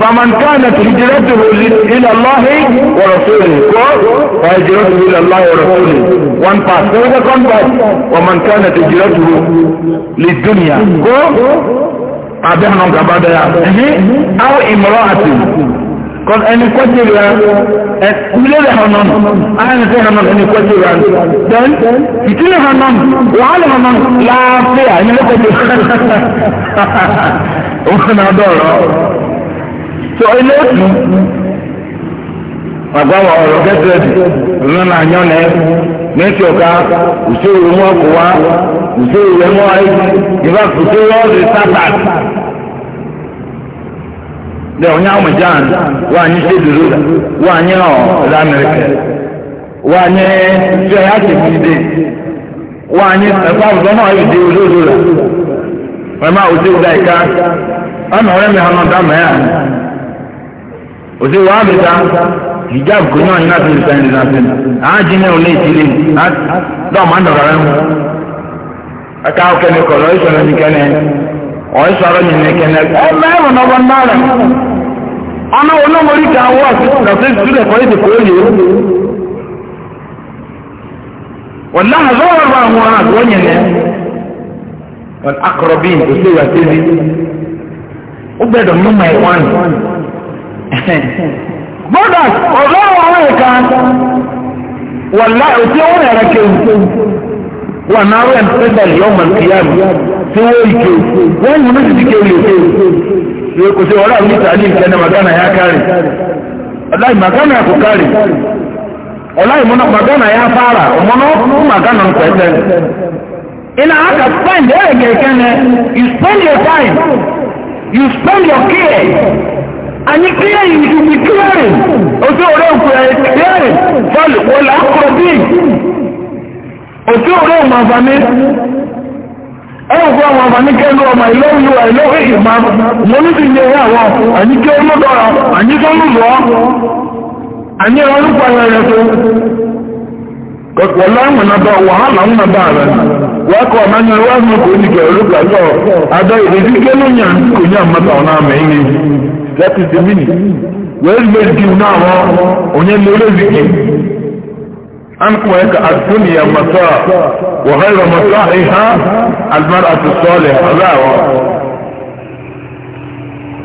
فمن كانت هجرته إلى الله ورسوله فهجرته إلى الله ورسوله one part there is a ومن كانت هجرته للدنيا go أبيحنا كبادا أو امرأة قال أنا كتير كل ده هنن أنا زي هنن أنا كتير then كتير هنن وعلى هنن لا فيها أنا كتير وأنا دور so ilé agbawa ọrọ gẹgẹdì ọmọ náà nyọ nẹ mẹtì ọka usoro mú ọkùnwa usoro rẹ mú ayé ìfà usoro ọdún sábàt dẹ ọnyá ọmọ jan wà ní sèdúró wà ní ọ ọdọ amẹrika wà ní sọ yà fi dé wà ní ẹfọ náà dé rẹ má ìka ọmọ rẹ mi hàn òsè wàá bìtá hijab kò ní ọ̀yìn láti bìtá ẹni láti àájì náà ò lè tìlé lọ́ọ̀ máa ń dọ̀rọ̀ aka kẹ́ni kọ̀ọ̀lọ́ ìṣòro ní kẹ́ni ọ̀hún ìṣòro ní ní kẹ́ni ẹ mẹ́rin náà wọn náà rẹ̀ ọ̀nà olómọrí kan wọ́ọ̀ sí yìí. náà bá bíi bọ́dà ọlọ́run àwọn ìka wọ̀lá òtí wọn yàrá kéwù wọn náà wẹ̀ pẹ́ẹ́dà yọmọ ìyáàmù tí wọ́n yìí kéwù wọ́n yìí méjì ti kéwù yìí kéwù kò sí wọ́n láwùjọ ìtàlí ìkẹ́ni màgánà yá kárì ọ̀láì màgánà kò kárì ọ̀láì mọ́nà màgánà yá fara ọ̀mọ́nà màgánà ń pẹ́ẹ́tẹ́ in aka spend ẹ̀rẹ̀ kẹ̀kẹ́ ni you spend your time you spend your care. anyị clearing is clearing otu ore okwu ya clearing fọlụ wọlụ akụrụ dị otu ore ụmụafani ẹnìkú àwọn àǹfààní kẹ́lú ọmọ ìlọ́wọ́ ìlọ́wọ́ ìgbà mọ́nú sì ní ẹ̀yà wọn àní kí tó wọ́n kọ́ kò ní ìdíjí yàn kò ní ọ̀nà àmì that is the meaning wẹ́ẹ́ lè diw náà wọ́n onye lórí ìkè an kuma yaka adduniya masa wa ghayra masahiha almar'atu salihah zawa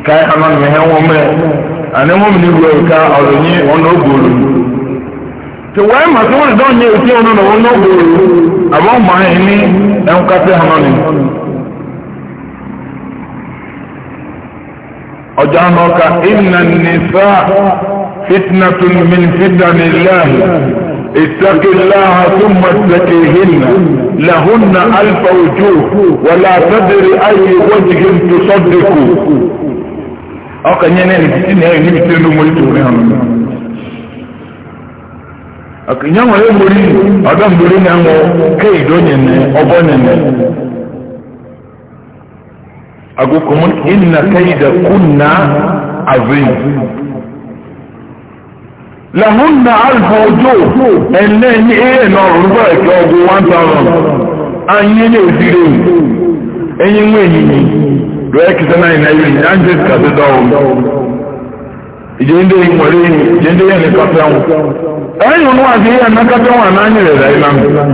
kai hanan me hen wome ane mo ni wo ka oronyi ono goro to wa ma to don ye ti ono no ono goro abon ma ni en ka te hanan ọjọ́nà ka iná nìfà fitnatun min fitani láàyè ìtàkìláha tó mọ̀tàkì hinna lahunna alfa ojú wàlá tàbírí ayé wọ́jìgì tó sọ́dẹ̀kù ọkà nyẹ́ náà nìfìtì náà níbi tí ó mọ̀ ìtò rẹ̀ hàn ọkà nyẹ́ wọ́n yẹ́ mọ̀rí ọ̀dọ́ mọ̀rí náà wọ́n kéèdó nyẹ̀ ọgbọ́ nyẹ̀ agokomun inna kaida kunna azim lahunna alfa ojo ẹnẹ ní ẹyẹ náà rúbọ ẹkẹ ọgbọ one thousand anyi ní òsìrè ẹyin mú ẹyin ní rẹ kìsẹ náà ìnáyé ní angel kàtẹ dọwọ ìjẹndé ìmọlẹ ìjẹndé yẹn ní kàtẹ wọn ẹyin wọn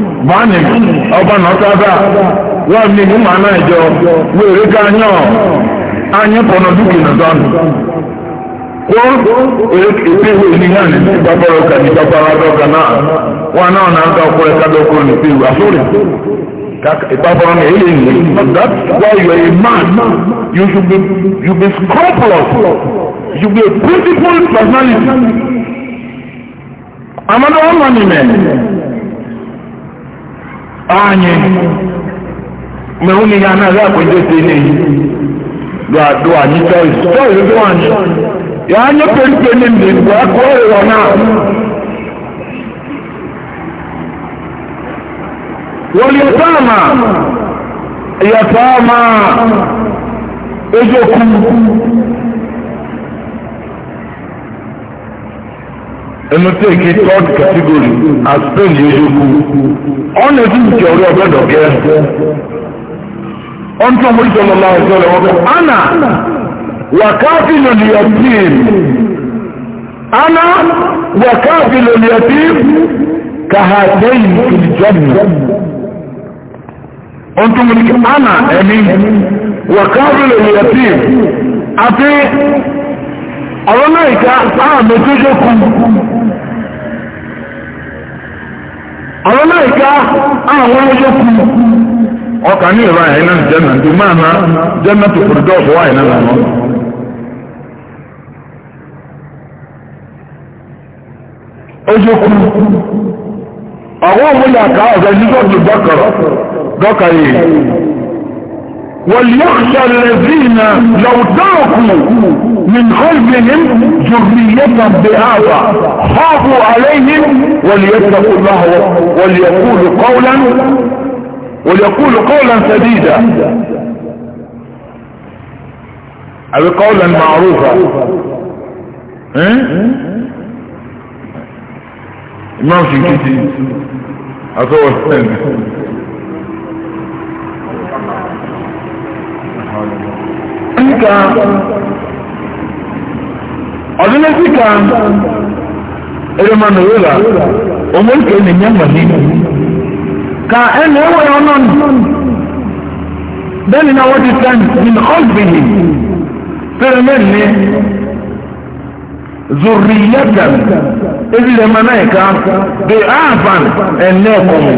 bani ọba n'ọtaba wọn ni mu ma náà jọ wèrè ká nyọ anyi pọnọ dúkì nìkan kó ìpéwò ènìyàn ní ìgbàgbọ́rọ̀ ọkà ní ìgbàgbọ́rọ̀ náà wọn náà náà ká ọkùnrin ká lọ́kùnrin ní ìpéwò àfúrẹ́ ìgbàgbọ́rọ̀ ní èyí ni that's why you are a man you should be you be scrupulous you be a principled personality. àmọ́ ní wọ́n mọ̀ anyị mmewu na ihe anaghị akwado ete n'eyi do ado anyị choice choice do anyị ya anya peripe ne mbe bụ aka ọrịa na wọlịọtama yọtama eziokwu ẹnu third category as pain yéyókù ọ̀nà ètò ìjọ orí ọ̀bẹ dọ̀gẹ́ ọ̀n tó mú ìjọ lọ́la ọ̀jọ́ rẹ̀ wọ́n bẹ̀ ana wàkáàfin lòlì ọ̀tìm ana wàkáàfin lòlì ọ̀tìm kàhàdéyìn ìjọ́nù ọ̀n tó mú ìjọ ana ẹ̀mí wàkáàfin lòlì ọ̀tìm àti ọ̀rọ̀ náà ìka àmì tó jókòó àwọn náà àwọn yòókù ọkà ní ìlú àyà iná jẹ́nà tí máa na jẹ́nà tó kùrù dọ́ọ̀sù wáyé náà lọ́nà. ojúkú àwọn òmùlẹ̀ àká ọ̀gá jíjọ́ ti dọ́kọ̀rọ̀ dọ́kà yìí wọ́n yóò ṣẹlẹ̀ sí من غزلهم ذرية بأعوى خافوا عليهم وليتقوا الله وليقولوا قولا وليقولوا قولا سديدا او قولا معروفا امام كتير اطول سنة انت ọdún lẹ́sí kan ẹ̀rọ máa nà wíwà ọmọ ìkẹ́ ẹ̀ ka eni e na yọ náà nù bẹ́ẹ̀ni náà wọ́n ti sẹ́ni nínú ọ̀gbìn fẹ́rẹ̀ mẹ́rin ní zuriyatan ebi lè máa náà ká bí ààfàn ẹ̀nẹ́ kọ̀ọ̀mù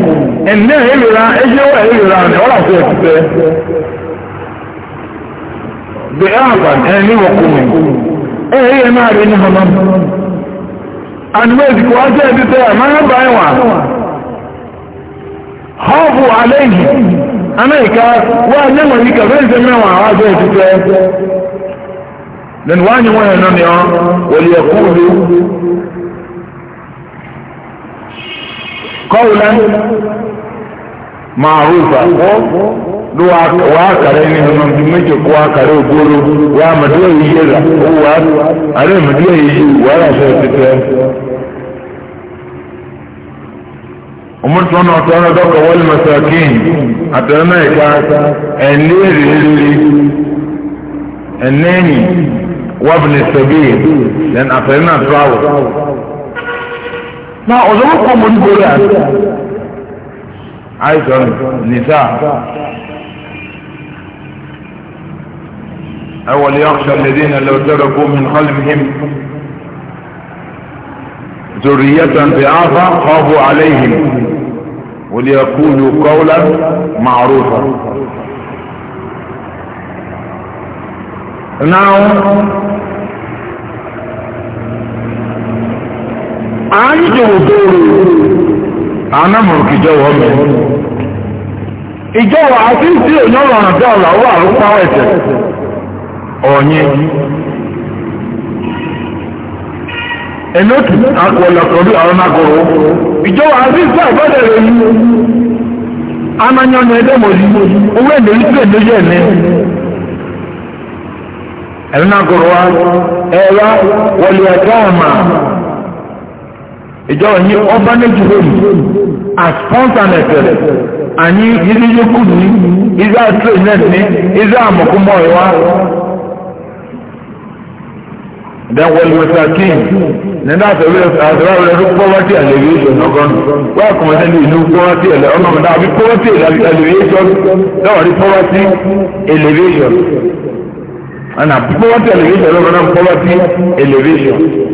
ẹ̀nẹ́ ìlera ẹ̀jẹ̀ wọ̀ ìlera ni ọ̀là fún ẹ̀kúfẹ́ bí ààfàn ẹ̀nẹ́ ẹ̀yẹ máa rí ní ọmọ àníwẹ̀dì kò wájẹ́ ẹ̀dí tẹ́ máa bá ẹ̀wà họ́ọ̀bù àlẹ́yìn amẹ́ríkà wà lẹ́wọ̀n ní kàfẹ́ǹsẹ̀ mẹ́wàá wájẹ́ ẹ̀dí tẹ́ lẹ́nu wáyé wọ́n yẹn lọ́nà ọ́ wọlé rí معروفة دو واكرين هم مجمج واكر يقولوا يا مدوي يجرا هو أنا مدوي يجي ولا شيء umar tí wọn náà tọrọ dọkọ wọlé masakin àtẹnumẹ ìka ẹni rírì ẹnẹni wàbìnì sẹbi ẹn àtẹnumẹ àtúwàwọ. na ọ̀dọ́ wọn kọ́ mọ́ ní عايزة نساء أول يخشى الذين لو تركوا من خلفهم ذرية ضعافا خافوا عليهم وليقولوا قولا معروفا Now, عنده حضور anamọ̀rùkì jọwọ́ mẹ́ ìjọwọ́ àti tí ò yọ̀rọ̀ àdá ọ̀la wà lópa ẹ̀sẹ̀ ọ̀yẹ́ ẹ̀nọ́tù akọ̀lọ̀kọ̀dù àwọn akọ̀rọ̀ ìjọwọ́ àti tí àgbọ̀dẹ̀ rẹ̀ yìí ananyọ̀nà ẹ̀dẹ́mọ̀dì owó ẹ̀dẹ́rí tí ẹ̀dẹ́jẹ̀ ní ẹ̀rínàgọ̀rọ̀ wa ẹ̀wá wọlé ẹ̀dá àmà ìjọ yìí orphanage home as sponsorship àní yìí yókù ní israel trade net ní israel mọ̀kúmọ̀ ìwá then well masakin nígbà àtẹ̀wé àtẹ̀wé rẹ̀ poverty alleviation ọgọ́n wọ́n àkọ́mọ̀ sẹ́ni ìlú poverty ẹ̀lẹ́ ọ̀nà ọ̀dà àbí poverty alleviation lọ́wọ́rí poverty elevation and poverty alleviation lọ́wọ́rí poverty elevation.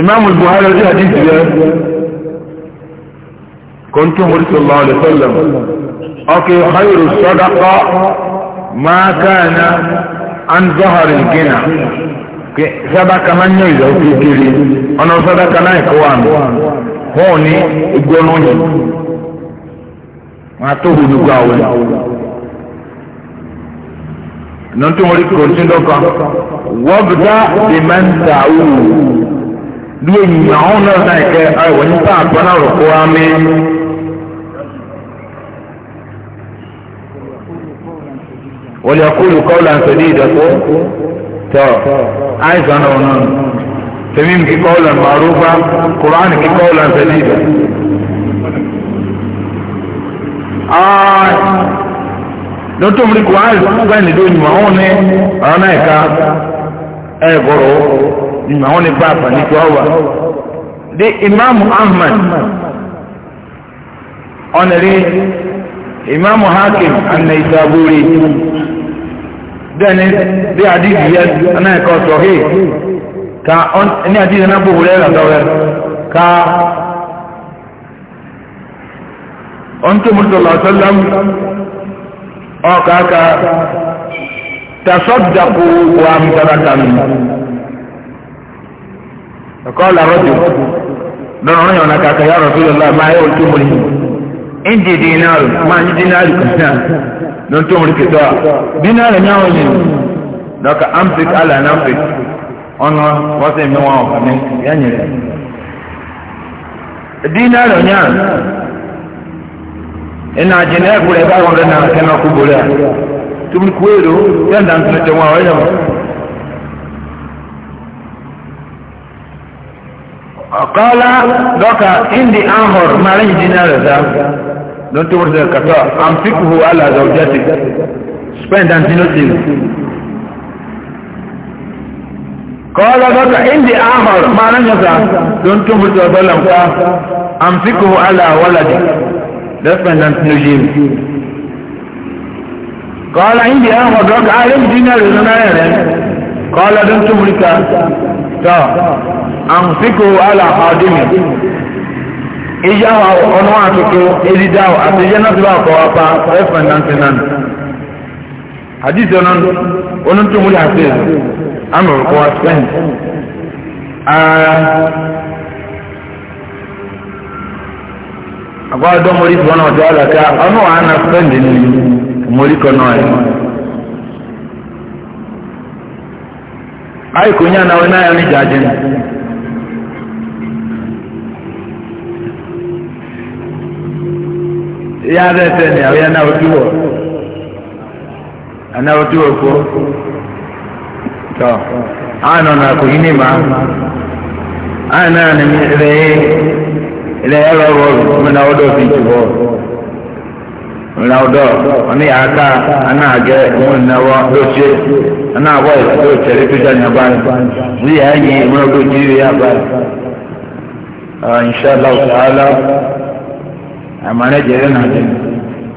ìmáàmù ah. buhari ọjọ́ àdìsí rẹ̀ kọ́ńtò mọ́rìsọ̀ lọ́wọ́ lè sọ́lọ̀ ọkẹ́ ọ̀háyòrò sọ́dákọ́ máa káàná an zọ́hàrì gínà sọ́dáka máa ń yọ ìyàwó kékeré ọ̀nà sọ́dáka náà kọ́ wà nù wọ́n ní ìgbóná yìí wọ́n á nínú tí wọ́n rí kòtí lọ́kàn wọ́n bí dá dèmẹ́ntà wù bí ènìyàn ọ̀hún náà náà kẹ́ ẹ wọ́n ní sáà tó náà rọ̀ kó amí. wọ́n yà kúlù kọ́ọ̀lù àǹsọ̀dí ìdẹ́kọ́ tọ́ àìsàn náà náà tẹ̀mí kí kọ́ọ̀lù lọ́tọ́ mi kò áyè fún ọgbà ìnìdó ìmọ̀ àwọn ní ọ̀rọ̀ náà ẹ̀ka ẹ̀gọ́rọ̀ ìmọ̀ àwọn ní bá àfààní tó wà. di imaamu ahmed ọ̀nàrí imaamu hakim anaisaburi dẹ́ni bí adíbi yẹ náà ẹ̀ka ọ̀tọ̀ hì ka ní adíbi náà bò wúlẹ̀ ẹ̀rọ dọ́wẹ́ ka ọ̀ntòmùtò lọ́sọ̀lọ́mù. ọka aka tasọdakụ wa mtabatan kọla rọjò lọ́nà wọn na kàkà yà rọ̀ fílẹ̀ lọ́wọ́ máa yẹ wọ́n tó mọ̀ ní. ìdí dínárì máa ní dínárì kan náà ló ń tó mọ̀ ní kìtọ́ à dínárì ní àwọn yìí lọ́kà ampic allah and ampic ọ̀nà ina jina ya kule ba wanda na kana kubura tumi kwero yanda tunatema wale qala doka indi ahor malai jina raza don tumur da kata am fikhu ala zawjati spend and nothing qala doka indi ahor malai jaza don tumur da balanka am fikhu ala waladi defendant nujim قال عندي انا مدرك عالم دينار زمان قال دمت ملكا تا انفقه على خادمي ìyá wa ọ̀nà àtúntò èdìdá àti jẹ́nàtìlá ọ̀kọ̀ apá ẹ̀fẹ̀ nantinan àdìsí ọ̀nà onúntòmúlẹ̀ àti àmì òrùkọ́ wa spain ah, akwado mori subhana wa ta'ala ka ono ana spend ni mori ko noy ai kunya na wana ya ni jajen ya da tene ya na otuo ana otuo ko to ana na ko inima ana ni re ilẹ̀ yẹn lọ rọrùn ọmọdé àwọn ọdọ fi jù bọ̀ ọmọdé àwọn ọdọ ọmọdé yàrá ká aná àgẹ ọmọdé náwó lóṣè aná àwọ̀ ìṣòro ìṣẹ̀lẹ̀ tó jáde náà báyìí wọ́n yà á yin ìmọ̀ ọdọ jírí yà báyìí. inshallah ta'ala àmàlẹ́ jẹ́rẹ́ náà